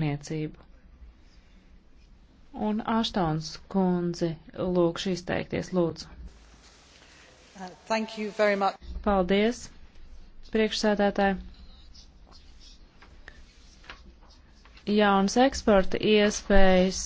rūpniecību. Un Aštons kundzi lūkšu izteikties, lūdzu. Uh, Paldies, priekšsēdētāji. Jaunas eksporta iespējas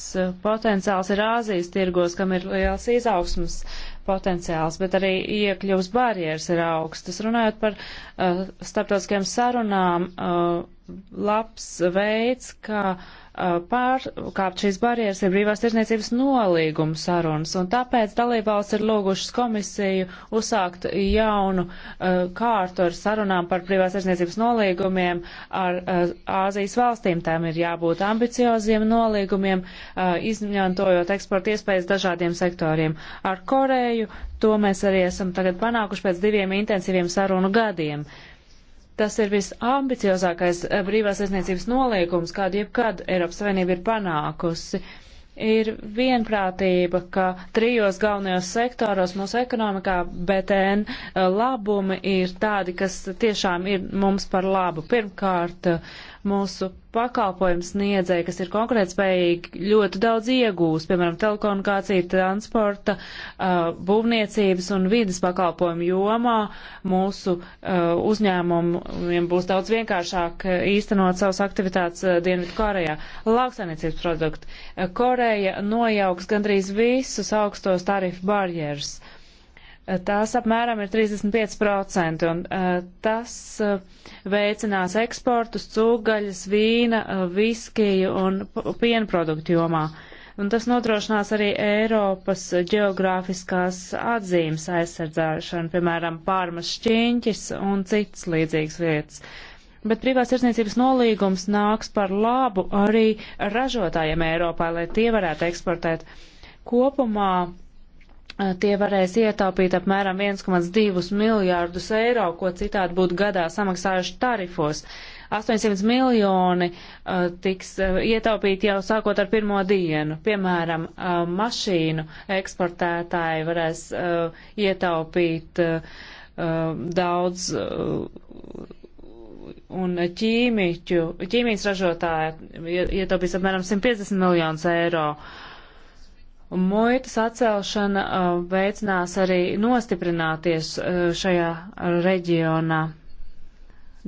potenciāls ir Āzijas tirgos, kam ir liels izaugsmas potenciāls, bet arī iekļuvs barjeras ir augstas. Runājot par uh, starptautiskajām sarunām, uh, labs veids, kā uh, Uh, pārkāpt šīs barjeras ir brīvās tirzniecības nolīguma sarunas, un tāpēc dalībvalsts ir lūgušas komisiju uzsākt jaunu uh, kārtu ar sarunām par brīvās tirzniecības nolīgumiem ar uh, Āzijas valstīm. Tām ir jābūt ambicioziem nolīgumiem, uh, izmantojot eksporta iespējas dažādiem sektoriem. Ar Koreju to mēs arī esam tagad panākuši pēc diviem intensīviem sarunu gadiem. Uh, Tas ir visambiciozākais eh, brīvās aizniecības nolīgums, kādu jebkad Eiropas Savienība ir panākusi. Ir vienprātība, ka trijos galvenajos sektoros mūsu ekonomikā BTN eh, labumi ir tādi, kas tiešām ir mums par labu. Pirmkārt, mūsu pakalpojums sniedzēji, kas ir konkurētspējīgi, ļoti daudz iegūs, piemēram, telekomunikācija, transporta, uh, būvniecības un vidas pakalpojumu jomā. Mūsu uh, uzņēmumiem būs daudz vienkāršāk uh, īstenot savas aktivitātes Dienvidu Korejā. Lauksainiecības produkti. Koreja nojauks gandrīz visus augstos tarifu barjeras. Uh, tās apmēram ir 35%, un uh, tas uh, veicinās eksportus cūgaļas, vīna, uh, viskiju un piena produktu jomā. Un tas nodrošinās arī Eiropas geogrāfiskās atzīmes aizsardzēšanu, piemēram, pārmas šķiņķis un citas līdzīgas lietas. Bet privās tirsniecības nolīgums nāks par labu arī ražotājiem Eiropā, lai tie varētu eksportēt kopumā Eh, tie varēs ietaupīt apmēram 1,2 miljārdus eiro, ko citādi būtu gadā samaksājuši tarifos. 800 miljoni uh, tiks uh, ietaupīti jau sākot ar pirmo dienu. Piemēram, uh, mašīnu eksportētāji varēs uh, ietaupīt uh, daudz. Uh, Un ķīmiķu, ķīmijas ražotāji ietaupīs apmēram 150 miljonus eiro. Uh, Muitas atcelšana uh, veicinās arī nostiprināties uh, šajā reģionā.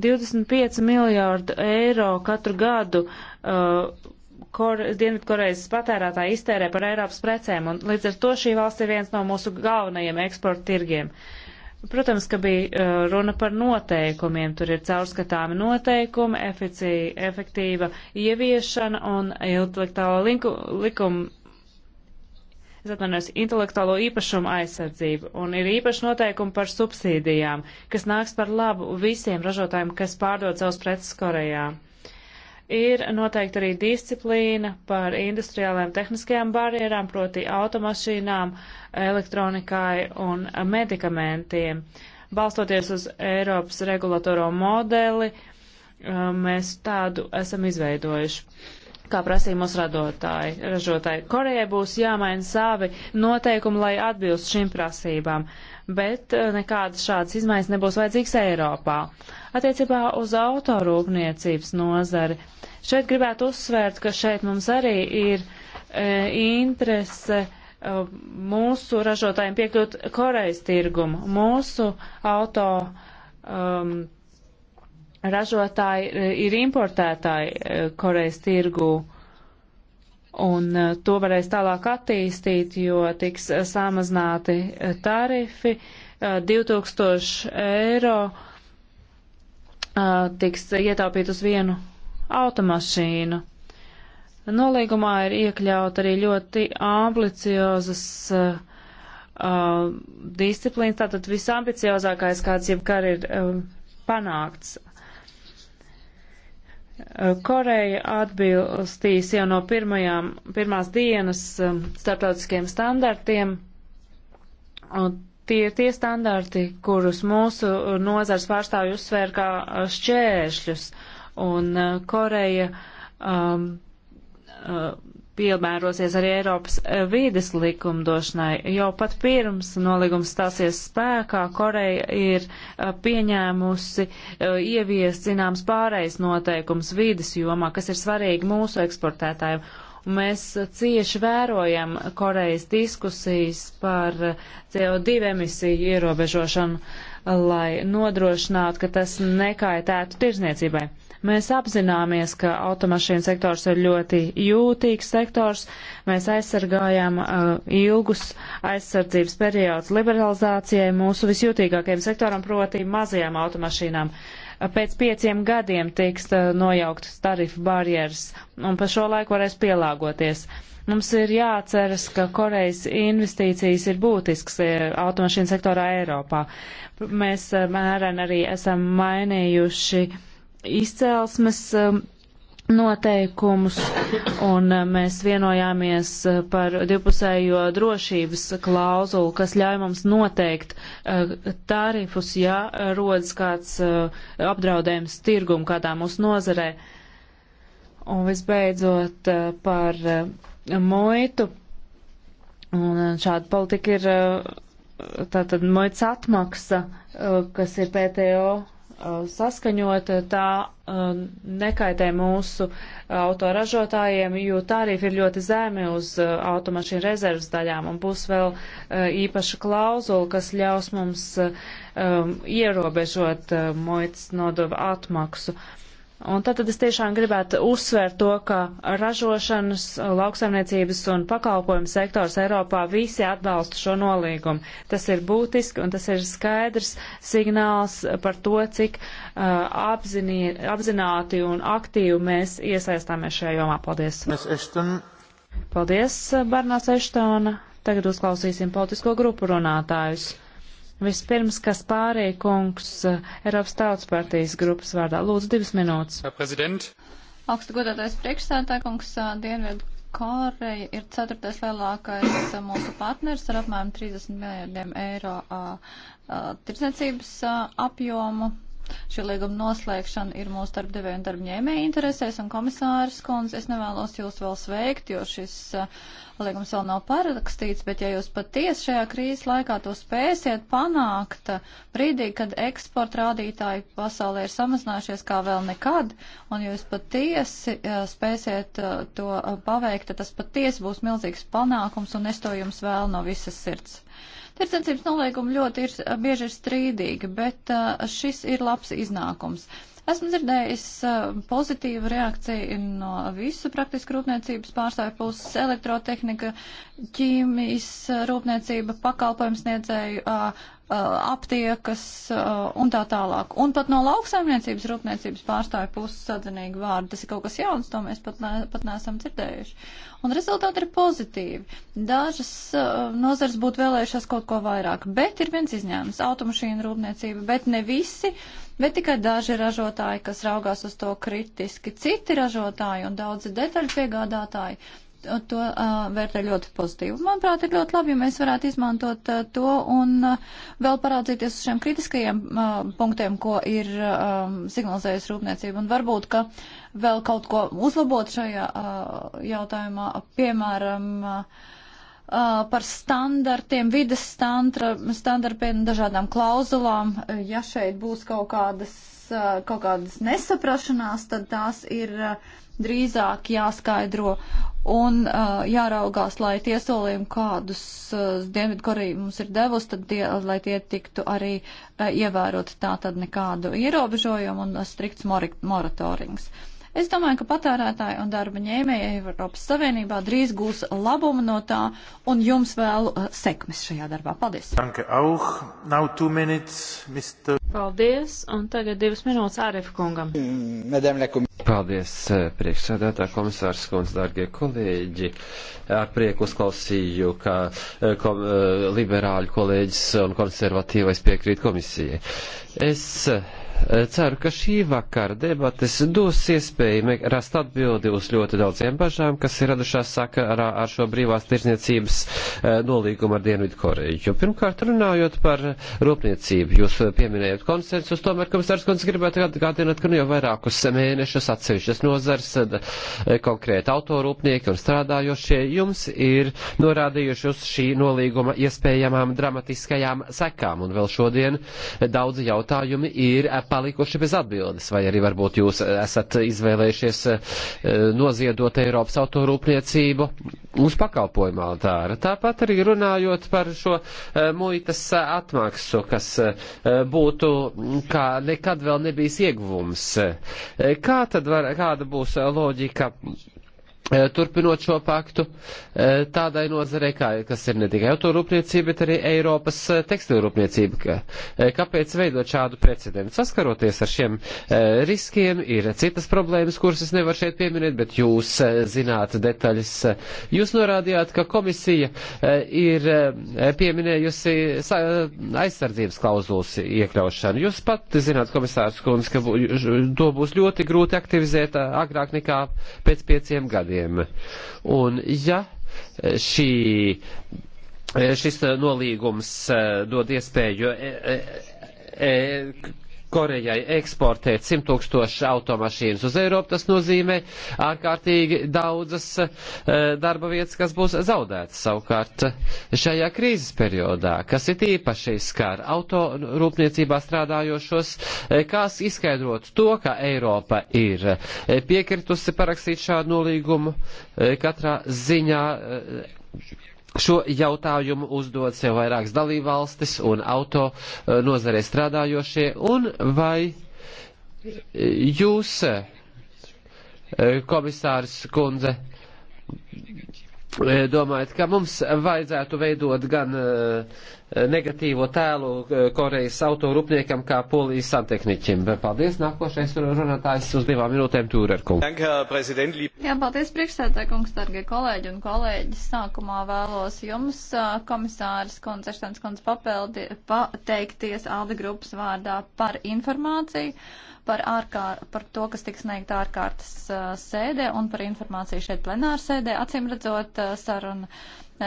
25 miljārdu eiro katru gadu uh, Kor, Dienvidkorejas patērētāji iztērē par Eiropas precēm, un līdz ar to šī valsts ir viens no mūsu galvenajiem eksporta tirgiem. Protams, ka bija runa par noteikumiem, tur ir caurskatāmi noteikumi, efektīva ieviešana un intelektuālo likuma es atvainojos, intelektuālo īpašumu aizsardzību un ir īpaši noteikumi par subsīdijām, kas nāks par labu visiem ražotājiem, kas pārdod savus preces Korejā. Ir noteikti arī disciplīna par industriālajām tehniskajām barjerām, proti automašīnām, elektronikai un medikamentiem. Balstoties uz Eiropas regulatoro modeli, mēs tādu esam izveidojuši kā prasīja mūsu radotāji, ražotāji. Korejai būs jāmaina savi noteikumi, lai atbilst šīm prasībām, bet eh, nekādas šādas izmaiņas nebūs vajadzīgas Eiropā. Attiecībā uz autorūpniecības nozari. Šeit gribētu uzsvērt, ka šeit mums arī ir e, interese eh, mūsu ražotājiem piekļūt Korejas tirgumu, mūsu auto um, ražotāji e, ir importētāji e, Korejas tirgū. Un e, to varēs tālāk attīstīt, jo tiks samazināti tarifi 2000 eiro tiks ietaupīt uz vienu automašīnu. Nolīgumā ir iekļaut arī ļoti ambiciozas uh, disciplīnas, tātad visambiciozākais, kāds jebkad ir uh, panākts Eh, Koreja atbilstīs jau no pirmajām, pirmās dienas eh, starptautiskiem standartiem. Un tie ir tie standarti, kurus mūsu nozars pārstāvju uzsvēr kā eh, šķēršļus. Un Koreja um, piemērosies arī Eiropas eh, vīdes likumdošanai. Jau pat pirms nolīgums stāsies spēkā, Koreja ir eh, pieņēmusi eh, ieviest zināms pārējais noteikums vīdes jomā, kas ir svarīgi mūsu eksportētājiem. Un mēs cieši vērojam Korejas diskusijas par CO2 emisiju ierobežošanu. Uh, lai nodrošinātu, ka tas nekaitētu tirzniecībai. Mēs apzināmies, ka automašīnu sektors ir ļoti jūtīgs sektors. Mēs aizsargājām uh, ilgus aizsardzības periodus liberalizācijai mūsu visjūtīgākajam sektoram, proti mazajām automašīnām. Uh, pēc pieciem gadiem tiks uh, nojauktas tarifu barjeras, un pa šo laiku varēs pielāgoties. Uh, Mums ir jāatceras, ka Korejas investīcijas ir būtisks e, automašīnu sektorā Eiropā. Mēs e, mēren arī esam mainījuši izcelsmes e, noteikumus un mēs vienojāmies par divpusējo drošības klauzulu, kas ļauj mums noteikt tarifus, ja rodas kāds apdraudējums tirgumu kādā mūsu nozarē. Un visbeidzot par muitu, un uh, šāda politika ir uh, tātad muitas atmaksa, uh, kas ir PTO saskaņota, tā nekaitē mūsu autoražotājiem, jo tarifi ir ļoti zemi uz automašīnu rezervas daļām, un būs vēl īpaša klauzula, kas ļaus mums um, ierobežot muitas nodovu atmaksu. Uh, Un tad, tad es tiešām gribētu uzsvērt to, ka ražošanas, lauksaimniecības un pakalpojumu sektors Eiropā visi atbalsta šo nolīgumu. Tas ir būtiski un tas ir skaidrs signāls par to, cik uh, apzinī, apzināti un aktīvi mēs iesaistāmies šajā jomā. Paldies! Paldies, Barnās Eštona! Tagad uzklausīsim politisko grupu runātājus. Vispirms, kas pārī kungs eh, Eiropas Tautas partijas grupas vārdā. Lūdzu, divas minūtes. Prezident. Augstu godātais priekšstādā kungs eh, Dienvidu Koreja ir ceturtais lielākais eh, mūsu partners ar apmēram 30 miljardiem eiro tirdzniecības apjomu. Šī līguma noslēgšana ir mūsu darbdevēja un darbņēmēja interesēs, un komisārs Kunz, es nevēlos jūs vēl sveikt, jo šis uh, līgums vēl nav parakstīts, bet ja jūs patiesi šajā krīzes laikā to spēsiet panākt, uh, brīdī, kad eksporta rādītāji pasaulē ir samazinājušies kā vēl nekad, un jūs patiesi uh, spēsiet to paveikt, tad tas patiesi būs milzīgs panākums, un es to jums vēl no visas sirds. Tirdzniecības nolīgumi ļoti ir, eh, bieži ir strīdīgi, bet eh, šis ir labs iznākums. Esmu dzirdējis eh, pozitīvu reakciju no visu praktiski rūpniecības pārstāvju puses - elektrotehnika, ķīmijas rūpniecība, pakalpojums niedzēju aptiekas un tā tālāk. Un pat no lauksaimniecības rūpniecības pārstāja puses sadzinīgi vārdi. Tas ir kaut kas jauns, to mēs pat, ne, pat neesam dzirdējuši. Un rezultāti ir pozitīvi. Dažas uh, nozars būtu vēlējušās kaut ko vairāk, bet ir viens izņēmums - automašīnu rūpniecība, bet ne visi, bet tikai daži ražotāji, kas raugās uz to kritiski. Citi ražotāji un daudzi detaļu piegādātāji to uh, vērtē ļoti pozitīvi. Manuprāt, ir ļoti labi, ja mēs varētu izmantot uh, to un uh, vēl parādzīties uz šiem kritiskajiem uh, punktiem, ko ir um, signalizējusi rūpniecība. Un varbūt, ka vēl kaut ko uzlabot šajā uh, jautājumā, piemēram, uh, par standartiem, vides standartiem, dažādām klauzulām, ja šeit būs kaut kādas Eh, kaut kādas nesaprašanās, tad tās ir eh, drīzāk jāskaidro un eh, jāraugās, lai tie solījumi, kādus Dienvidkoreja mums ir devusi, tad tie, lai tie tiktu arī ievērot tā tad nekādu ierobežojumu un strikts moratorings. Mor Es domāju, ka patērētāji un darba ņēmēji Eiropas Savienībā drīz gūs labumu no tā, un jums vēl uh, sekmes šajā darbā. Paldies! Paldies, un tagad divas minūtes ārēf kungam. Paldies, eh, priekšsēdētā komisārs kundz, dārgie kolēģi. Ar prieku uzklausīju, ka eh, kom, eh, liberāļu kolēģis un konservatīvais piekrīt komisijai. Es Ceru, ka šī vakara debates dos iespēju rast atbildi uz ļoti daudziem bažām, kas ir radušās sakarā ar šo brīvās tirsniecības eh, nolīgumu ar Dienvidu Koreju. Jo pirmkārt, runājot par rūpniecību, jūs pieminējat konsensus, tomēr komisārs Kons gribētu atgādināt, ka nu jau vairākus mēnešus atsevišķas nozars, eh, konkrēti autorūpnieki un strādājošie jums ir norādījuši uz šī nolīguma iespējamām dramatiskajām sekām, un vēl šodien daudzi jautājumi ir palikuši bez atbildes, vai arī varbūt jūs esat izvēlējušies eh, noziedot Eiropas autorūpniecību uz pakalpojumu altāra. Tāpat arī runājot par šo eh, muitas atmaksu, kas eh, būtu mm, kā nekad vēl nebijis ieguvums. Kā tad var, kāda būs loģika? Eh, turpinot šo paktu eh, tādai nozarei, kas ir ne tikai autorūpniecība, bet arī Eiropas eh, tekstilrūpniecība. Kāpēc veidot šādu precedentu? Saskaroties ar šiem riskiem, ir citas problēmas, kuras es nevaru šeit pieminēt, bet jūs zināt detaļas. Jūs norādījāt, ka komisija ir pieminējusi aizsardzības klauzulas iekļaušanu. Jūs pati zināt, komisārs Kunz, ka to būs ļoti grūti aktivizēt agrāk nekā pēc pieciem gadiem gadiem. Un ja eh, šī eh, šis eh, nolīgums dod iespēju e, e, e, Korejai eksportēt 100 tūkstoši automašīnas uz Eiropu, tas nozīmē ārkārtīgi daudzas eh, darba vietas, kas būs zaudētas savukārt šajā krīzes periodā, kas ir īpaši skar autorūpniecībā strādājošos, eh, kas izskaidrot to, ka Eiropa ir eh, piekritusi parakstīt šādu nolīgumu katrā ziņā Šo jautājumu uzdod sev vairākas dalībvalstis un auto eh, nozarē strādājošie, un vai jūs, eh, komisārs kundze, Eh, domājat, ka mums vajadzētu veidot gan eh, negatīvo tēlu eh, Korejas autorūpniekam, kā polijas santehniķim. Paldies, nākošais runātājs uz divām minūtēm Tūrerkungs. Jā, paldies, priekšsētā kungs, dargie kolēģi un kolēģi. Sākumā vēlos jums, komisārs Koncerstants Konts, pateikties Alde grupas vārdā par informāciju par, ārkār, par to, kas tiks sniegt ārkārtas uh, sēdē un par informāciju šeit plenāru sēdē. Acīm redzot, uh, saruna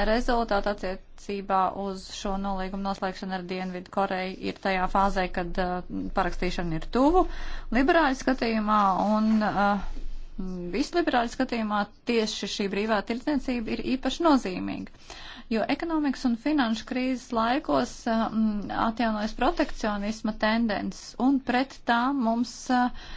rezultāti attiecībā uz šo nolīgumu noslēgšanu ar Dienvidu Koreju ir tajā fāzē, kad uh, parakstīšana ir tuvu liberāļu skatījumā un uh, visliberāļu skatījumā tieši šī brīvā tirdzniecība ir īpaši nozīmīga jo ekonomikas un finanšu krīzes laikos um, atjaunojas protekcionisma tendences, un pret tā mums uh,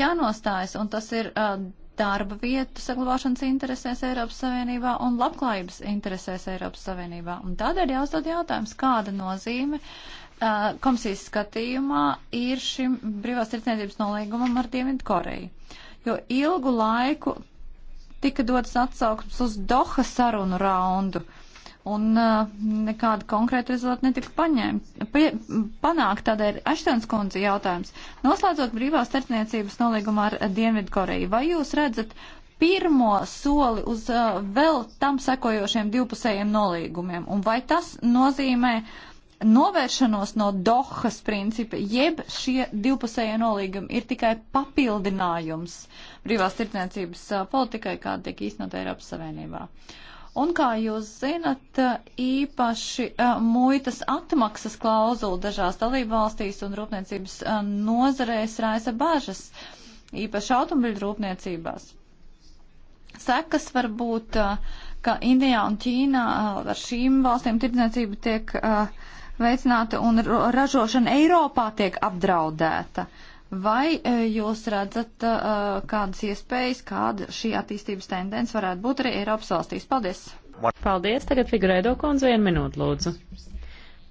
jānostājas, un tas ir uh, darba vietu saglabāšanas interesēs Eiropas Savienībā un labklājības interesēs Eiropas Savienībā. Un tādēļ jāuzdod jautājums, kāda nozīme uh, komisijas skatījumā ir šim brīvās tirdzniecības nolīgumam ar Dienvidu Koreju. Jo ilgu laiku tika dotas atsauksmes uz Doha sarunu raundu. Uh, un uh, nekāda konkrēta rezultāta netika paņēma, pie, panākt. Tādēļ Aštons kundze jautājums. Noslēdzot brīvās starpniecības nolīgumā ar Dienvidkoreju, vai jūs redzat pirmo soli uz uh, vēl tam sekojošiem divpusējiem nolīgumiem? Un vai tas nozīmē novēršanos no Dohas principa, jeb šie divpusējie nolīgumi ir tikai papildinājums brīvās tirdzniecības uh, politikai, kāda tiek īstenot Eiropas Savienībā. Uh, Un, kā jūs zinat, īpaši muitas atmaksas klauzula dažās dalībvalstīs un rūpniecības nozarēs raisa bažas, īpaši automobiļu rūpniecībās. Sekas var būt, ka Indijā un Ķīnā ar šīm valstīm tirdzniecība tiek veicināta un ražošana Eiropā tiek apdraudēta. Uh, Vai e, jūs redzat e, kādas iespējas, kāda šī attīstības tendence varētu būt arī Eiropas valstīs? Paldies! Paldies! Tagad Figurēdo kundze vienu minūtu lūdzu.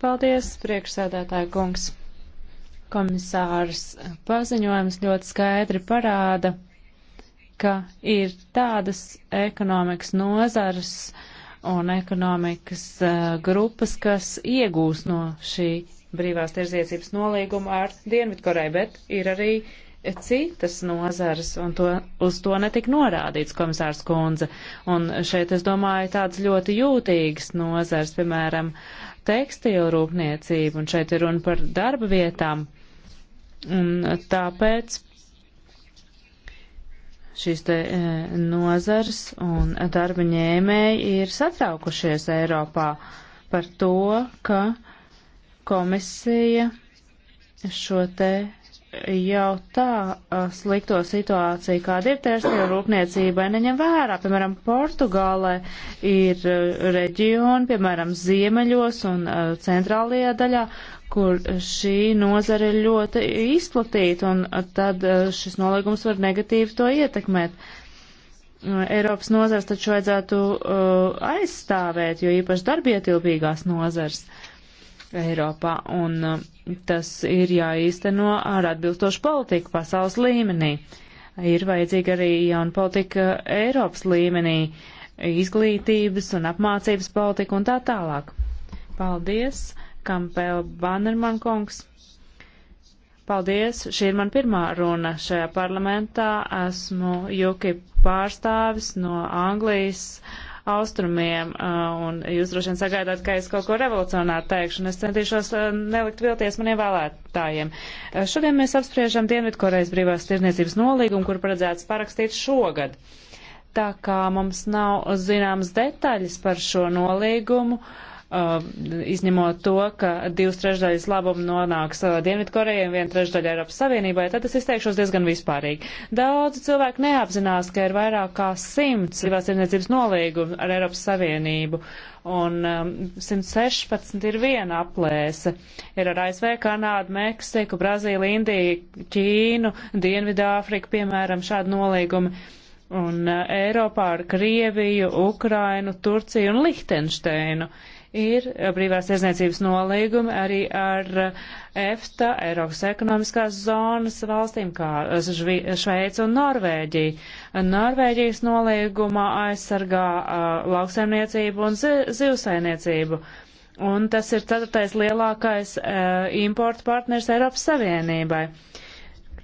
Paldies, priekšsēdētāja kungs! Komisārs paziņojums ļoti skaidri parāda, ka ir tādas ekonomikas nozares un ekonomikas uh, grupas, kas iegūs no šī brīvās tirdzniecības nolīgumu ar Dienvidkoreju, bet ir arī citas nozares, un to, uz to netika norādīts komisārs Kunze. Un šeit, es domāju, tāds ļoti jūtīgs nozars, piemēram, tekstilu rūpniecība, un šeit ir runa par darba vietām. Un tāpēc šīs te e, nozars un darba ņēmēji ir satraukušies Eiropā par to, ka uh, Komisija šo te jau tā slikto situāciju, kāda ir tērstila rūpniecībai, neņem vērā. Piemēram, Portugālē ir reģioni, piemēram, ziemeļos un centrālajā daļā, kur šī nozara ir ļoti izplatīta, un tad šis nolīgums var negatīvi to ietekmēt. Eiropas nozars taču vajadzētu uh, aizstāvēt, jo īpaši darbietilpīgās nozars. Uh, Eiropā, un uh, tas ir jāīsteno ar atbilstošu politiku pasaules līmenī. Ir vajadzīga arī jauna politika Eiropas līmenī, izglītības un apmācības politika un tā tālāk. Paldies, Kampēla Bannerman kungs. Paldies! Šī ir man pirmā runa šajā parlamentā. Esmu Juki pārstāvis no Anglijas austrumiem, uh, un jūs droši vien sagaidāt, ka es kaut ko revolucionāru teikšu, un es centīšos uh, nelikt vilties maniem vēlētājiem. Uh, šodien mēs apspriežam Dienvidkorejas brīvās tirniecības nolīgumu, kur paredzēts parakstīt šogad. Tā kā mums nav zināmas detaļas par šo nolīgumu, uh, Um, izņemot to, ka divas trešdaļas labumu nonāks uh, Dienvidkorejai un viena trešdaļa Eiropas Savienībai, tad es izteikšos diezgan vispārīgi. Daudzi cilvēki neapzinās, ka ir vairāk kā simts divās tirdzniecības nolīgumu ar Eiropas Savienību un um, 116 ir viena aplēse. Ir ar ASV, Kanādu, Meksiku, Brazīliju, Indiju, Ķīnu, Dienvidāfriku, piemēram, šādi nolīgumi. Un uh, Eiropā ar Krieviju, Ukrainu, Turciju un Lihtenšteinu. Uh, ir brīvās tiesniecības nolīgumi arī ar EFTA, Eiropas ekonomiskās zonas valstīm, kā Šveica un Norvēģija. Norvēģijas nolīgumā aizsargā uh, lauksaimniecību un zi zivsaimniecību. Un tas ir ceturtais lielākais uh, importu partners Eiropas Savienībai. Uh,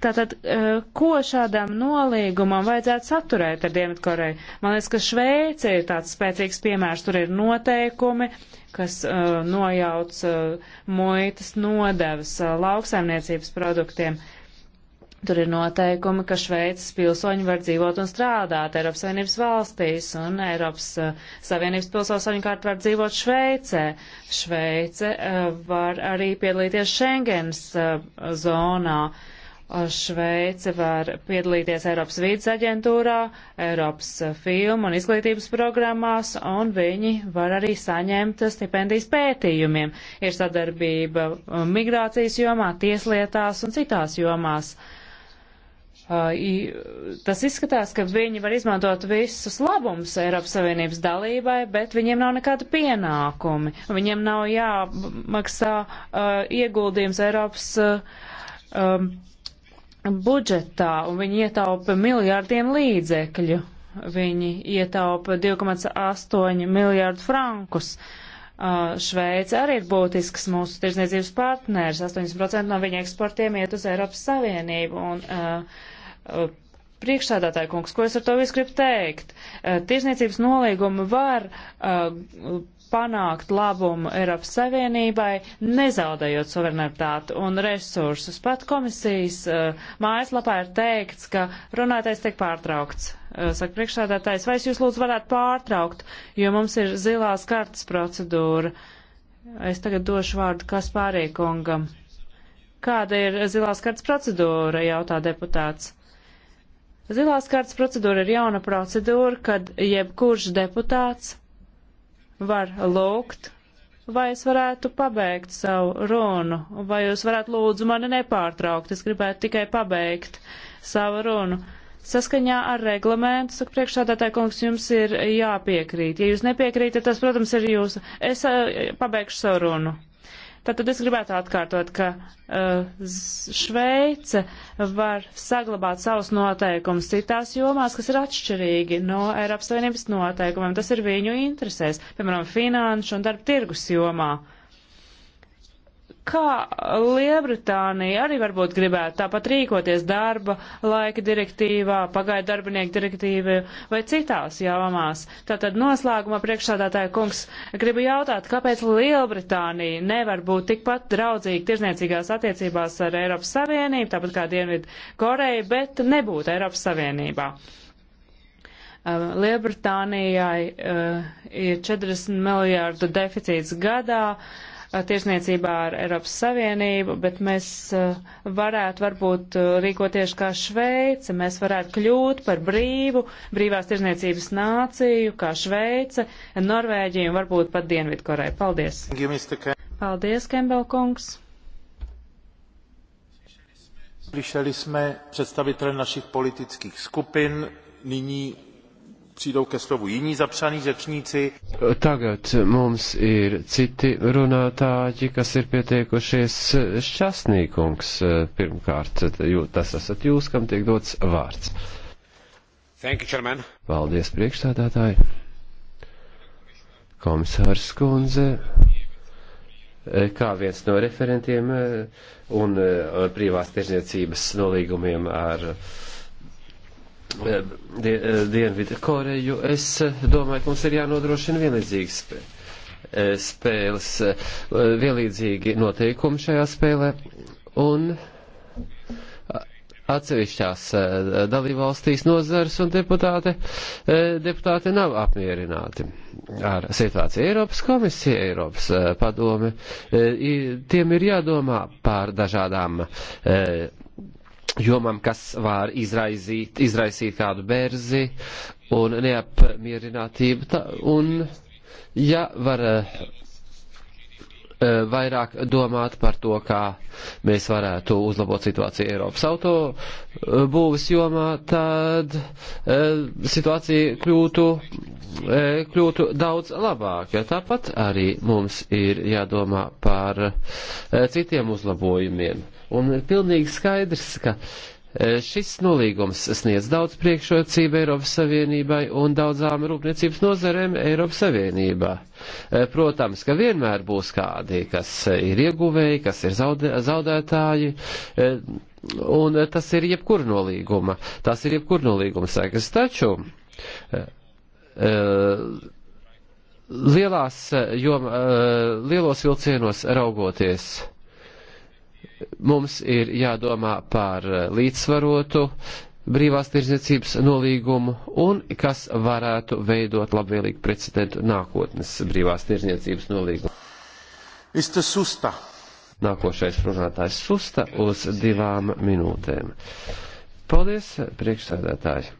Tātad, eh, ko šādam nolīgumam vajadzētu saturēt ar Dienvidkoreju? Man liekas, ka Šveice ir tāds spēcīgs piemērs, tur ir noteikumi, kas uh, nojauc uh, muitas nodevas uh, lauksaimniecības produktiem. Tur ir noteikumi, ka Šveices pilsoņi var dzīvot un strādāt Eiropas Savienības valstīs, un Eiropas uh, Savienības pilsoņi savukārt var dzīvot Šveicē. Šveice uh, var arī piedalīties Schengens uh, zonā. Uh, Šveice var piedalīties Eiropas vīdes aģentūrā, Eiropas filmu un izglītības programmās, un viņi var arī saņemt stipendijas pētījumiem. Ir sadarbība um, migrācijas jomā, tieslietās un citās jomās. Uh, tas izskatās, ka viņi var izmantot visus labumus Eiropas Savienības dalībai, bet viņiem nav nekāda pienākumi. Viņiem nav jāmaksā uh, ieguldījums Eiropas. Uh, um, budžetā un viņi ietaupa miljārdiem līdzekļu. Viņi ietaupa 2,8 miljārdu frankus. Uh, Šveice arī ir būtisks mūsu tirzniecības partners. 80% no viņa eksportiem iet uz Eiropas Savienību. Un, uh, uh priekšsādātāja kungs, ko es ar to visu gribu teikt? Uh, tirzniecības nolīgumi var uh, panākt labumu Eiropas Savienībai, nezaudējot suverenitāti un resursus. Pat komisijas uh, mājaslapā ir teikts, ka runātais tiek pārtraukts. Uh, saka priekšsādātājs, vai es jūs lūdzu varētu pārtraukt, jo mums ir zilās kartas procedūra. Es tagad došu vārdu Kaspārīkungam. Kāda ir zilās kartas procedūra, jautā deputāts. Zilās kartas procedūra ir jauna procedūra, kad jebkurš deputāts var lūgt, vai es varētu pabeigt savu runu, vai jūs varētu lūdzu mani nepārtraukt, es gribētu tikai pabeigt savu runu. Saskaņā ar reglamentu, saka priekšsādātāja kungs, jums ir jāpiekrīt. Ja jūs nepiekrītat, tas, protams, ir jūsu. Es eh, pabeigšu savu runu. Tātad es gribētu atkārtot, ka uh, Šveice var saglabāt savus noteikumus citās jomās, kas ir atšķirīgi no Eiropas Savienības noteikumiem. Tas ir viņu interesēs, piemēram, finanšu un darba tirgus jomā. Uh, kā Lielbritānija arī varbūt gribētu tāpat rīkoties darba laika direktīvā, pagaidu darbinieku direktīvā vai citās jāmamās. Tātad noslēgumā priekšsādātāja kungs gribu jautāt, kāpēc Lielbritānija nevar būt tikpat draudzīga tirzniecīgās attiecībās ar Eiropas Savienību, tāpat kā Dienvidu Koreju, bet nebūt Eiropas Savienībā. Uh, Lielbritānijai uh, ir 40 miljārdu deficīts gadā, uh, Uh, tirsniecībā ar Eiropas Savienību, bet mēs uh, varētu varbūt uh, rīkoties kā Šveice, mēs varētu kļūt par brīvu, brīvās tirsniecības nāciju, kā Šveice, Norvēģija un varbūt pat Dienvidkoreja. Paldies! Paldies, Kembel kungs! Slyšeli jsme představitele našich politických skupin, nyní přijdou ke slovu jiní zapsaní řečníci. Tagad mums ir citi runātāji, kas ir pieteikušies šķasnīkungs pirmkārt, jo tas esat jūs, kam tiek dots vārds. Thank you, chairman. Paldies, priekšstādātāji. Komisārs Kunze, kā viens no referentiem eh, un eh, privās tirzniecības nolīgumiem ar Eh, eh, Dienvidu Koreju, es eh, domāju, ka mums ir jānodrošina vienlīdzīgas spēles, vienlīdzīgi noteikumi šajā spēlē. Un atsevišķās dalībvalstīs nozars un deputāte, deputāte nav apmierināti ar situāciju. Eiropas komisija, Eiropas padome, tiem ir jādomā par dažādām jomam, kas var izraizīt, izraisīt kādu bērzi un neapmierinātību. Tā, un, ja var eh, vairāk domāt par to, kā mēs varētu uzlabot situāciju Eiropas auto būvis jomā, tad eh, situācija kļūtu, eh, kļūtu daudz labāka. Tāpat arī mums ir jādomā par citiem uzlabojumiem Un pilnīgi skaidrs, ka e, šis nolīgums sniedz daudz priekšrocību Eiropas Savienībai un daudzām rūpniecības nozarēm Eiropas Savienībā. E, protams, ka vienmēr būs kādi, kas ir ieguvēji, kas ir zaudē, zaudētāji. E, un tas ir jebkur nolīguma. Tas ir jebkur nolīguma sekas. Taču lielās, jom, lielos vilcienos raugoties Mums ir jādomā par eh, līdzsvarotu brīvās tirdzniecības nolīgumu un kas varētu veidot labvēlīgu precedentu nākotnes brīvās tirdzniecības nolīgumu. Ista susta. Nākošais runātājs susta uz divām minūtēm. Paldies, priekšsēdētāji!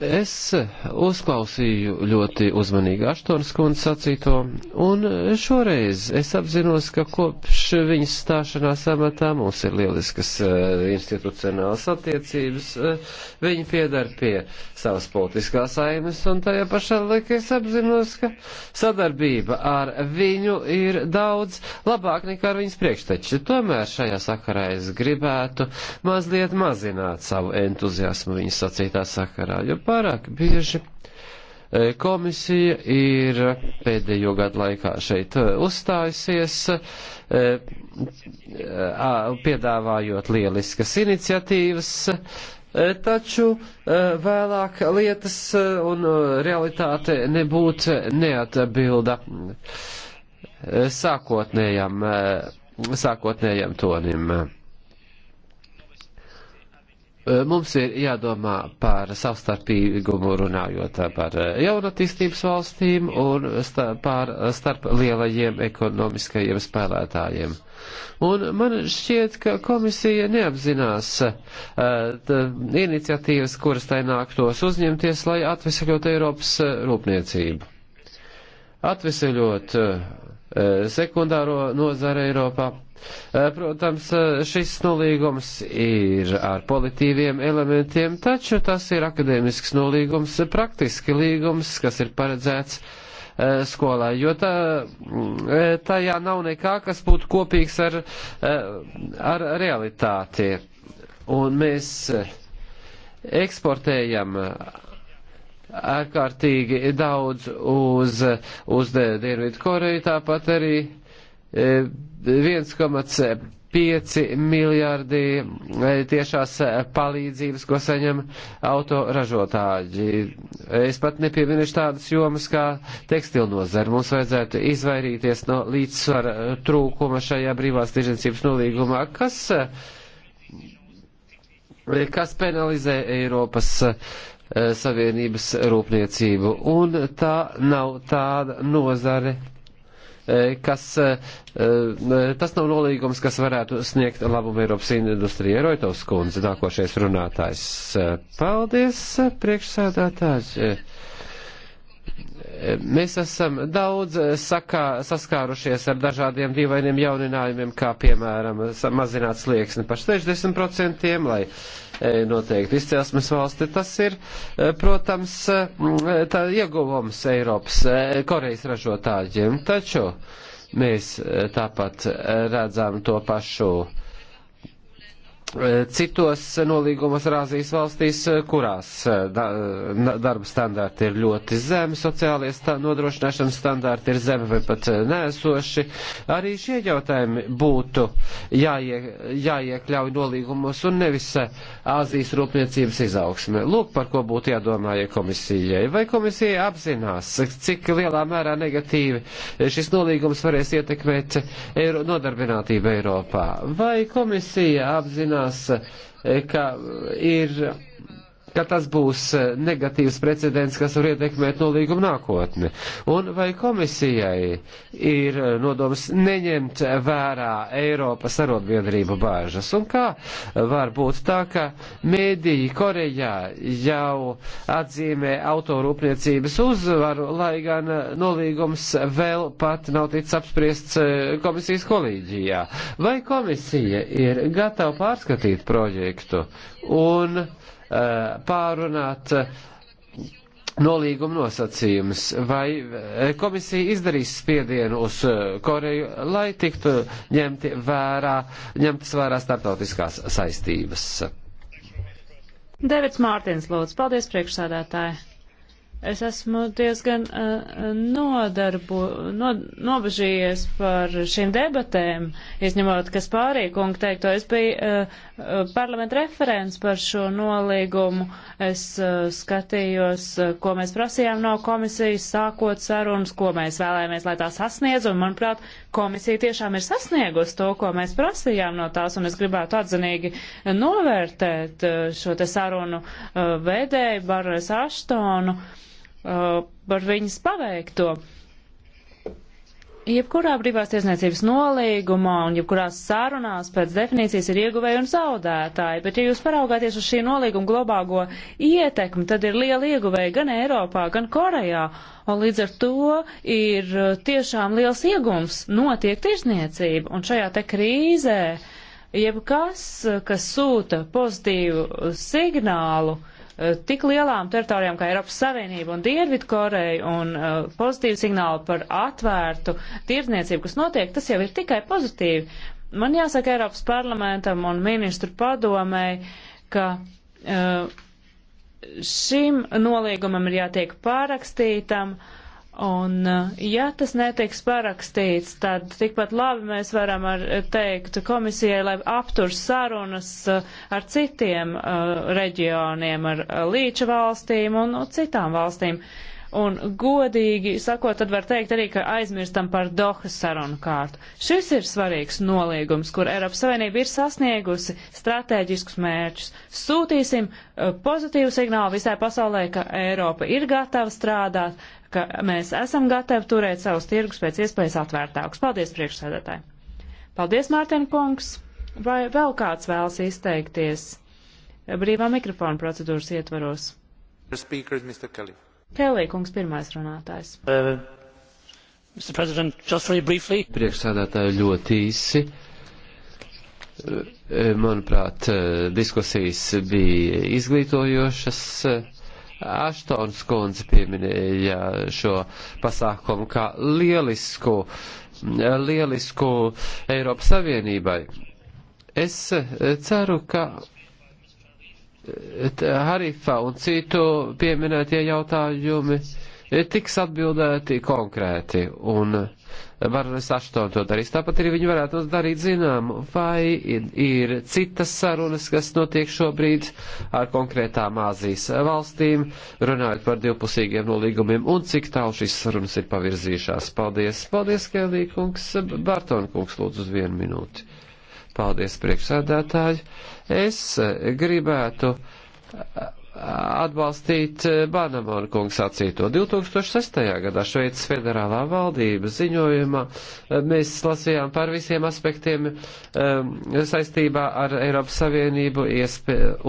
Es uzklausīju ļoti uzmanīgi Aštonas kundzes sacīto, un šoreiz es apzinos, ka kopš viņas stāšanās amatā mums ir lieliskas uh, institucionālas attiecības, uh, eh, viņa piedar pie savas politiskās aimes, un tajā pašā laikā es apzinos, ka sadarbība ar viņu ir daudz labāk nekā ar viņas priekšteči. Tomēr šajā sakarā es gribētu mazliet mazināt savu entuziasmu viņas sacītā sakarā, jo Pārāk bieži e, komisija ir pēdējo gadu laikā šeit e, uzstājusies, e, piedāvājot lieliskas iniciatīvas, taču vēlāk lietas un realitāte nebūtu neatbilda sākotnējam, sākotnējam tonim. Eh, mums ir jādomā par savstarpīgumu runājot par eh, jaunatīstības valstīm un starp, par eh, starp lielajiem ekonomiskajiem spēlētājiem. Un man šķiet, ka komisija neapzinās uh, iniciatīvas, kuras tai nāktos uzņemties, lai atvesaļot Eiropas rūpniecību. Atvesaļot uh, Eh, sekundāro nozara Eiropā. Eh, protams, eh, šis nolīgums ir ar politīviem elementiem, taču tas ir akadēmisks nolīgums, praktiski līgums, kas ir paredzēts skolā, jo tā, mm, tajā nav nekā, kas būtu kopīgs ar, ar realitāti. Un mēs eksportējam ārkārtīgi daudz uz, uz Dienvidu Koreju, tāpat arī 1,5 e, miljārdi e, tiešās e, palīdzības, ko saņem autoražotāji. Es pat nepievinušu tādas jomas kā tekstilnozara. Mums vajadzētu izvairīties no līdzsvara trūkuma šajā brīvās tirzniecības nolīgumā, kas kas penalizē Eiropas uh, Eh, Savienības rūpniecību. Un tā nav tāda nozare, eh, kas, eh, tas nav nolīgums, kas varētu sniegt labumu Eiropas industrijai. Roitovs kundze, nākošais runātājs. Paldies, priekšsēdētājs. Mēs esam daudz sakā, saskārušies ar dažādiem dīvainiem jauninājumiem, kā piemēram mazināt slieksni par 60%, lai e, noteikti izcelsmes valsti. Tas ir, e, protams, tā ieguvums Eiropas, e, Korejas ražotājiem. Taču mēs tāpat redzam to pašu Eh, citos nolīgumos ar Āzijas valstīs, eh, kurās eh, darba standarti ir ļoti zemi, sociālie sta nodrošināšanas standarti ir zemi vai pat nēsoši. Arī šie jautājumi būtu jāie, jāiekļauj nolīgumos un nevis Āzijas rūpniecības izaugsme. Lūk, par ko būtu jādomāja komisijai. Vai komisija apzinās, cik lielā mērā negatīvi šis nolīgums varēs ietekmēt eiro, nodarbinātību Eiropā? Vai komisija apzinās, apzinās, eh, ka ir ka tas būs eh, negatīvs precedents, kas var ietekmēt nolīgumu nākotni. Un vai komisijai ir eh, nodoms neņemt vērā Eiropas arotbiedrību bāžas? Un kā var būt tā, ka mēdīji Korejā jau atzīmē autorūpniecības uzvaru, lai gan eh, nolīgums vēl pat nav ticis apspriests komisijas kolīģijā? Vai komisija ir gatava pārskatīt projektu? Un Eh, pārunāt eh, nolīguma nosacījumus, vai eh, komisija izdarīs spiedienu uz Koreju, lai tiktu ņemti vērā, ņemtas vērā starptautiskās saistības. Devits Mārtiņš Lūdzu, paldies priekšsādātāji. Es esmu diezgan uh, nodarbu, no, nobežījies par šīm debatēm, izņemot, kas pārīkungi teikto. Es biju uh, parlamenta referents par šo nolīgumu. Es uh, skatījos, uh, ko mēs prasījām no komisijas, sākot sarunas, ko mēs vēlējāmies, lai tā sasniedz. Un, manuprāt, komisija tiešām ir sasniegusi to, ko mēs prasījām no tās. Un es gribētu atzinīgi novērtēt uh, šo te sarunu uh, vēdēju, Barojas Aštonu. Uh, par uh, viņas paveikto. Jebkurā brīvās tiesniecības nolīgumā un jebkurās sarunās pēc definīcijas ir ieguvēji un zaudētāji, bet ja jūs paraugāties uz šī nolīguma globālo ietekmi, tad ir liela ieguvēja gan Eiropā, gan Korejā, un līdz ar to ir uh, tiešām liels iegums notiek tirzniecība, un šajā te krīzē jebkas, uh, kas sūta pozitīvu signālu, uh, Eh, tik lielām teritorijām kā Eiropas Savienība un Dienvidkoreja un eh, pozitīvi signāli par atvērtu tirdzniecību, kas notiek, tas jau ir tikai pozitīvi. Man jāsaka Eiropas parlamentam un ministru padomēji, ka eh, šim nolīgumam ir jātiek pārakstītam. Uh, Un, eh, ja tas netiks parakstīts, tad tikpat labi mēs varam ar, teikt komisijai, lai aptur sarunas eh, ar citiem uh, reģioniem, ar Līča valstīm un, un citām valstīm. Uh, Un godīgi sakot, tad var teikt arī, ka aizmirstam par Dohas sarunu kārtu. Šis ir svarīgs noliegums, kur Eiropas Savienība ir sasniegusi stratēģiskus mērķus. Sūtīsim uh, pozitīvu signālu visai pasaulē, ka Eiropa ir gatava strādāt, ka mēs esam gatavi turēt savus tirgus pēc iespējas atvērtākus. Paldies, priekšsēdētāji! Paldies, Mārtiņ kungs! Vai vēl kāds vēlas izteikties brīvā mikrofona procedūras ietvaros? Speakers, Mr. Kelly. Kēlīkungs pirmais runātājs. Uh, Priekšsēdētāji ļoti īsi. Uh, manuprāt, uh, diskusijas bija izglītojošas. Aštons kundze pieminēja šo pasākumu kā lielisku, lielisku Eiropas Savienībai. Es ceru, ka Harifā un citu pieminētie jautājumi e, tiks atbildēti konkrēti, un Baronis Aštona to darīs. Tāpat arī viņi varētu mums darīt zinām, vai ir citas sarunas, kas notiek šobrīd ar konkrētām Āzijas valstīm, runājot par divpusīgiem nolīgumiem, un cik tālu šīs sarunas ir pavirzījušās. Paldies, paldies, Kēlī kungs, Bartona kungs, lūdzu uz vienu minūti. Paldies, priekšsēdētāji. Es gribētu atbalstīt eh, Banamona kungs sacīto. 2006. gadā Šveicas federālā valdība ziņojumā eh, mēs lasījām par visiem aspektiem um, saistībā ar Eiropas Savienību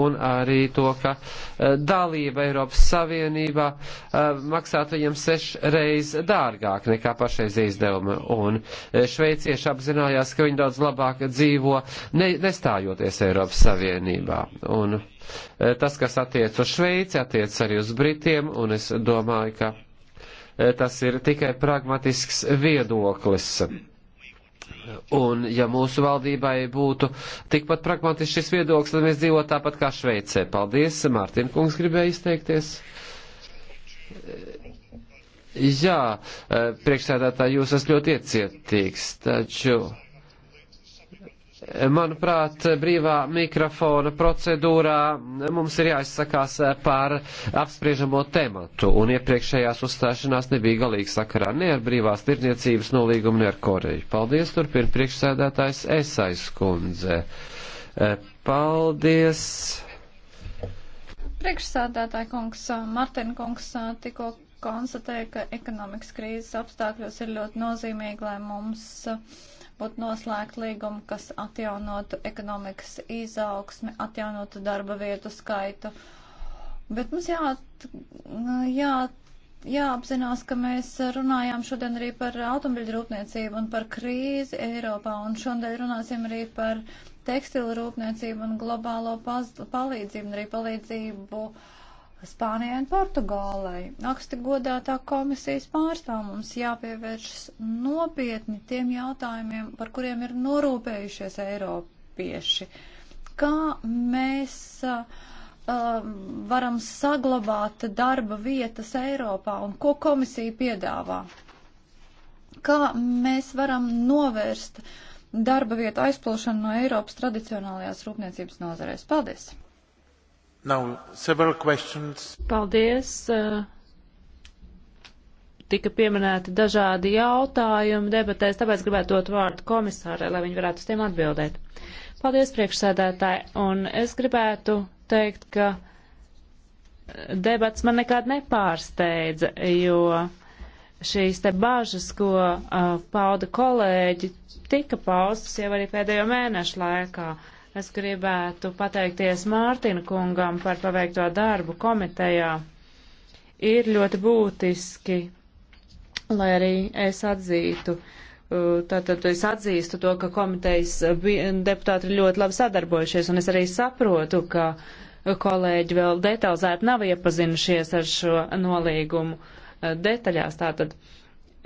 un arī to, ka uh, dalība Eiropas Savienībā uh, maksātu viņam sešreiz dārgāk nekā pašreiz izdevuma. Un šveicieši apzinājās, ka viņi daudz labāk dzīvo ne, nestājoties Eiropas Savienībā. Un, Eh, tas, kas attiec uz Šveici, attiec arī uz Britiem, un es domāju, ka eh, tas ir tikai pragmatisks viedoklis. Un ja mūsu valdībai būtu tikpat pragmatisks šis viedoklis, tad mēs dzīvotu tāpat kā Šveicē. Paldies, Mārtiņa kungs gribēja izteikties. Eh, jā, priekšsēdētāji, jūs esat ļoti iecietīgs, taču. Manuprāt, brīvā mikrofona procedūrā mums ir jāizsakās par apspriežamo tematu, un iepriekšējās uzstāšanās nebija galīgi sakarā ne ar brīvās tirniecības nolīgumu, ne ar Koreju. Paldies, turpina priekšsēdētājs Esais kundze. E, paldies. Priekšsēdētāja kungs, Martin kungs tikko konstatēja, ka ekonomikas krīzes apstākļos ir ļoti nozīmīgi, lai mums uh, būtu noslēgta līguma, kas atjaunotu ekonomikas izaugsmi, atjaunotu darba vietu skaitu. Bet mums jā, jā, jāapzinās, ka mēs runājām šodien arī par automobiļu rūpniecību un par krīzi Eiropā, un šodien runāsim arī par tekstilu rūpniecību un globālo palīdzību un arī palīdzību uh, Spānijai un Portugālei. Aksti godātā komisijas pārstāv mums jāpievēršas nopietni tiem jautājumiem, par kuriem ir norūpējušies Eiropieši. Kā mēs uh, varam saglabāt darba vietas Eiropā un ko komisija piedāvā? Kā mēs varam novērst darba vietu aizplūšanu no Eiropas tradicionālajās rūpniecības nozarēs? Paldies! Now, several questions. Paldies. Tika pieminēti dažādi jautājumi debatēs, tāpēc gribētu dot vārdu komisārai, lai viņi varētu uz tiem atbildēt. Paldies, priekšsēdētāji. Un es gribētu teikt, ka debats man nekad nepārsteidza, jo šīs te bažas, ko uh, pauda kolēģi, tika paustas jau arī pēdējo mēnešu laikā. Uh, Es gribētu pateikties Mārtina kungam par paveikto darbu komitejā. Ir ļoti būtiski, lai arī es atzītu, uh, tātad es atzīstu to, ka komitejas deputāti ir ļoti labi sadarbojušies, un es arī saprotu, ka kolēģi vēl detalizēti nav iepazinušies ar šo nolīgumu uh, detaļās. Tātad. Uh,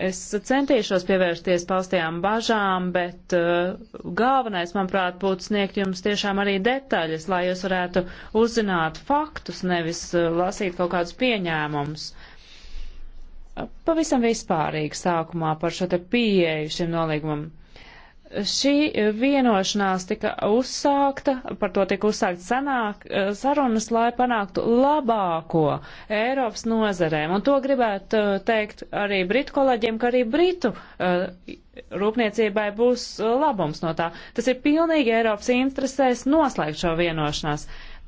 Es centīšos pievērsties paustajām bažām, bet uh, galvenais, manuprāt, būtu sniegt jums tiešām arī detaļas, lai jūs varētu uzzināt faktus, nevis uh, lasīt kaut kādus pieņēmumus. Pavisam vispārīgi sākumā par šo te pieeju šim nolīgumam. Uh, Šī vienošanās tika uzsākta, par to tika uzsākt sanāk, sarunas, lai panāktu labāko Eiropas nozarēm. Un to gribētu uh, teikt arī Britu kolēģiem, ka arī Britu uh, rūpniecībai būs labums no tā. Tas ir pilnīgi Eiropas interesēs noslēgt šo vienošanās.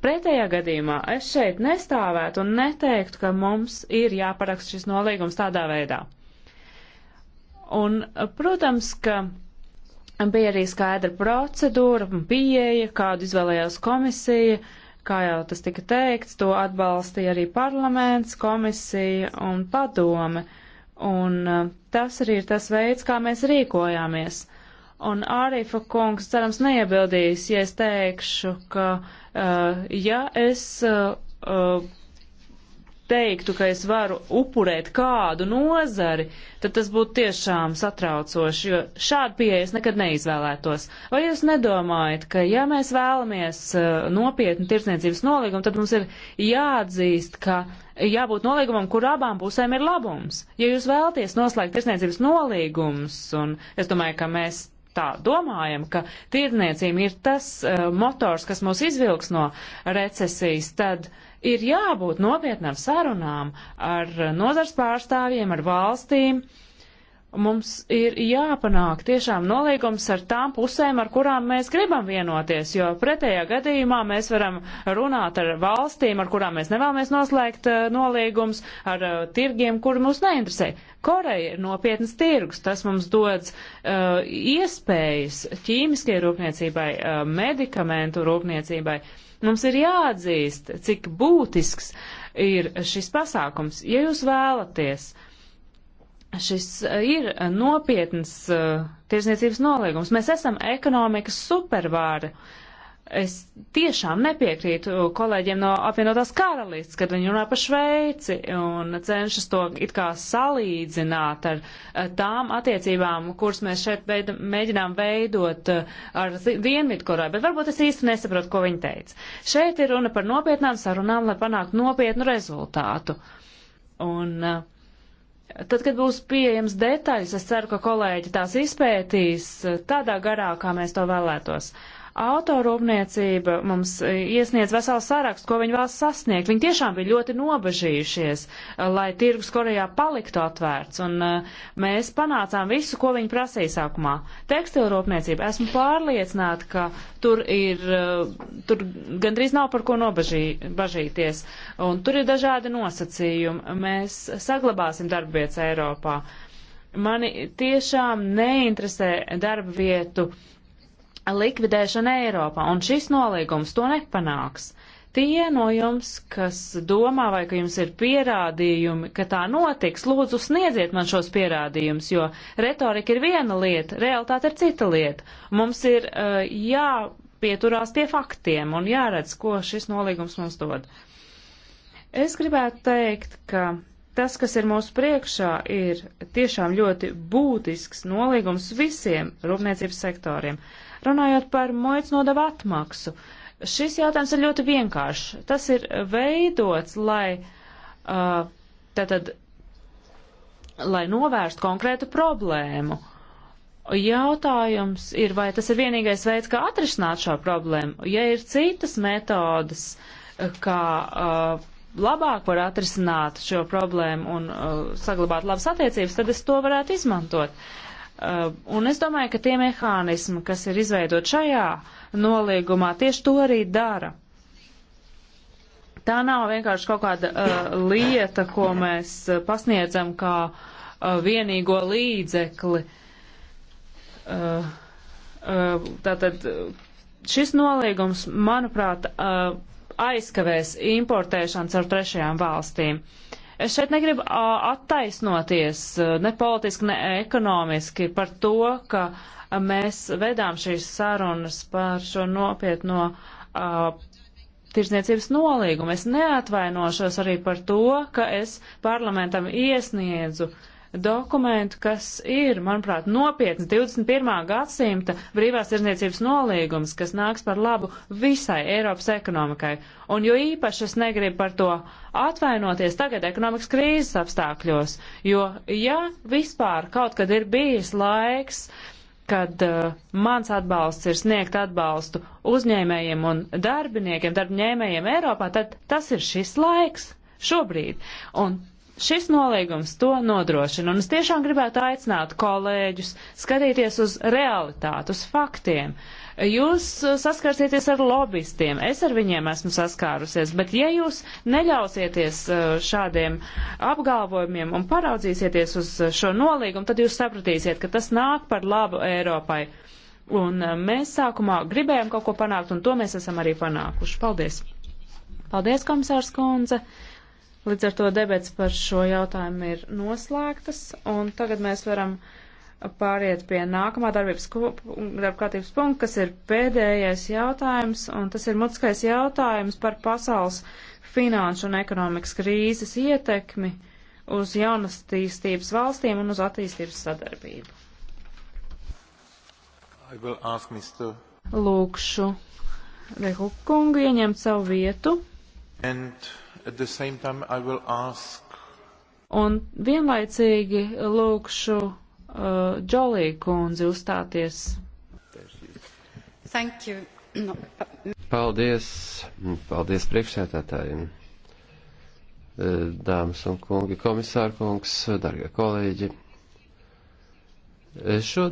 Pretējā gadījumā es šeit nestāvētu un neteiktu, ka mums ir jāparaksta šis nolīgums tādā veidā. Un, uh, protams, ka Bija arī skaidra procedūra un pieeja, kādu izvēlējās komisija, kā jau tas tika teikts, to atbalstīja arī parlaments, komisija un padome. Un uh, tas arī ir tas veids, kā mēs rīkojāmies. Un Ārīfa kungs, cerams, neiebildīs, ja es teikšu, ka, uh, ja es uh, uh teiktu, ka es varu upurēt kādu nozari, tad tas būtu tiešām satraucoši, jo šādu pieeju es nekad neizvēlētos. Vai jūs nedomājat, ka ja mēs vēlamies uh, nopietnu tirdzniecības nolīgumu, tad mums ir jāatzīst, ka jābūt nolīgumam, kur abām pusēm ir labums. Ja jūs vēlaties noslēgt tirdzniecības nolīgumus, un es domāju, ka mēs tā domājam, ka tirdzniecība ir tas uh, motors, kas mūs izvilks no recesijas, tad uh, ir jābūt nopietnām sarunām ar nozars pārstāvjiem, ar valstīm, uh, Mums ir jāpanāk tiešām nolīgums ar tām pusēm, ar kurām mēs gribam vienoties, jo pretējā gadījumā mēs varam runāt ar valstīm, ar kurām mēs nevēlamies noslēgt uh, nolīgums, ar uh, tirgiem, kuri mūs neinteresē. Koreja ir nopietnas tirgus, tas mums dod uh, eh, iespējas ķīmiskajai rūpniecībai, uh, medikamentu rūpniecībai. Mums ir jāatzīst, cik būtisks ir šis pasākums. Ja jūs vēlaties uh, Šis e, ir nopietns uh, e, tirsniecības nolīgums. Mēs esam ekonomikas supervāri. Es tiešām nepiekrītu kolēģiem no apvienotās karalītes, kad viņi runā par Šveici un cenšas to it kā salīdzināt ar e, tām attiecībām, kuras mēs šeit veid, mēģinām veidot ar Dienvidkorēju, bet varbūt es īsti nesaprotu, ko viņi teica. Šeit ir runa par nopietnām sarunām, lai panāktu nopietnu rezultātu. Un, uh, Tad, kad būs pieejams detaļas, es ceru, ka kolēģi tās izpētīs eh, tādā garā, kā mēs to vēlētos. Uh, Autorūpniecība mums e, iesniedz veselu sarakstu, ko viņi vēl sasniegt. Viņi tiešām bija ļoti nobežījušies, e, lai tirgus Korejā paliktu atvērts, un e, mēs panācām visu, ko viņi prasīja sākumā. Tekstilrūpniecība, esmu pārliecināta, ka tur ir, tur gandrīz nav par ko nobežīties, un tur ir dažādi nosacījumi. Mēs saglabāsim darbvietas Eiropā. Mani tiešām neinteresē darba vietu uh, likvidēšana Eiropā, un šis nolīgums to nepanāks. Tie no jums, kas domā vai ka jums ir pierādījumi, ka tā notiks, lūdzu sniedziet man šos pierādījumus, jo retorika ir viena lieta, realitāte ir cita lieta. Mums ir uh, jāpieturās pie faktiem un jāredz, ko šis nolīgums mums dod. Es gribētu teikt, ka tas, kas ir mūsu priekšā, ir tiešām ļoti būtisks nolīgums visiem rūpniecības sektoriem. Uh, Runājot par mojas nodevu atmaksu, šis jautājums ir ļoti vienkāršs. Tas ir veidots, lai uh, tātad, lai novērstu konkrētu problēmu. Jautājums ir, vai tas ir vienīgais veids, kā atrisināt šo problēmu. Ja ir citas metodas, uh, kā uh, labāk var atrisināt šo problēmu un uh, saglabāt labas attiecības, tad es to varētu izmantot. Uh, Uh, un es domāju, ka tie mehānismi, kas ir izveidot šajā nolīgumā, tieši to arī dara. Tā nav vienkārši kaut kāda uh, lieta, ko mēs uh, pasniedzam kā uh, vienīgo līdzekli. Uh, uh, tātad uh, šis nolīgums, manuprāt, uh, aizkavēs importēšanas ar trešajām valstīm. Uh, Es šeit negribu attaisnoties ne politiski, ne ekonomiski par to, ka mēs vedām šīs sarunas par šo nopietno uh, tirsniecības nolīgumu. Es neatvainošos arī par to, ka es parlamentam iesniedzu uh, dokumentu, kas ir, manuprāt, nopietns 21. gadsimta brīvās tirzniecības nolīgums, kas nāks par labu visai Eiropas ekonomikai. Un jo īpaši es negribu par to atvainoties tagad ekonomikas krīzes apstākļos, jo ja vispār kaut kad ir bijis laiks, kad uh, mans atbalsts ir sniegt atbalstu uzņēmējiem un darbiniekiem, darbņēmējiem Eiropā, tad tas ir šis laiks šobrīd. Un Šis nolīgums to nodrošina, un es tiešām gribētu aicināt kolēģus skatīties uz realitāti, uz faktiem. Jūs uh, saskarsieties ar lobbystiem, es ar viņiem esmu saskārusies, bet ja jūs neļausieties uh, šādiem apgalvojumiem un paraudzīsieties uz uh, šo nolīgumu, tad jūs sapratīsiet, ka tas nāk par labu Eiropai. Un mēs sākumā gribējām kaut ko panākt, un to mēs esam arī panākuši. Paldies! Paldies, komisārs Kunze! Līdz ar to debats par šo jautājumu ir noslēgtas, un tagad mēs varam pāriet pie nākamā darbības darbkārtības punkta, kas ir pēdējais jautājums, un tas ir mutiskais jautājums par pasaules finanšu un ekonomikas krīzes ietekmi uz jaunastīstības valstīm un uz attīstības sadarbību. Lūkšu Rehukungu ieņemt savu vietu. And time, ask... Un vienlaicīgi lūkšu uh, Džolī kundzi uzstāties. Thank you. No. Paldies, paldies priekšsētātājiem. Uh, dāmas un kungi, komisāra kungs, dargie kolēģi. Uh, šo